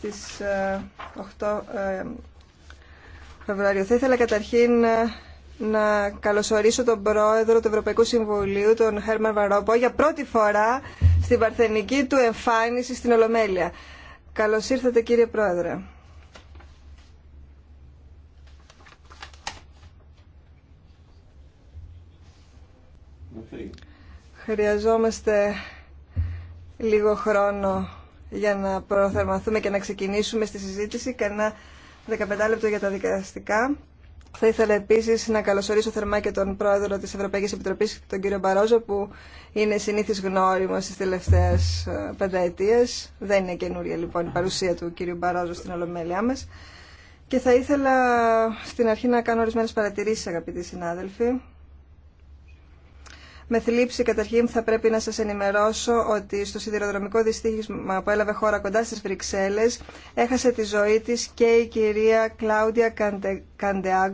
στις 8 ε, ε, Φεβρουαρίου. Θα ήθελα καταρχήν ε, να καλωσορίσω τον πρόεδρο του Ευρωπαϊκού Συμβουλίου, τον Χέρμαν Βαρόπο, για πρώτη φορά στην παρθενική του εμφάνιση στην Ολομέλεια. Καλώς ήρθατε κύριε πρόεδρε. Χρειαζόμαστε λίγο χρόνο για να προθερμαθούμε και να ξεκινήσουμε στη συζήτηση. Κανένα 15 λεπτό για τα δικαστικά. Θα ήθελα επίση να καλωσορίσω θερμά και τον πρόεδρο τη Ευρωπαϊκή Επιτροπή, τον κύριο Μπαρόζο, που είναι συνήθι γνώριμο στι τελευταίε πενταετίε. Δεν είναι καινούρια λοιπόν η παρουσία του κύριου Μπαρόζο στην ολομέλειά μα. Και θα ήθελα στην αρχή να κάνω ορισμένε παρατηρήσει, αγαπητοί συνάδελφοι. Με θλίψη καταρχήν θα πρέπει να σας ενημερώσω ότι στο σιδηροδρομικό δυστύχημα που έλαβε χώρα κοντά στις Βρυξέλλες έχασε τη ζωή της και η κυρία Κλάουδια Καντεάγκο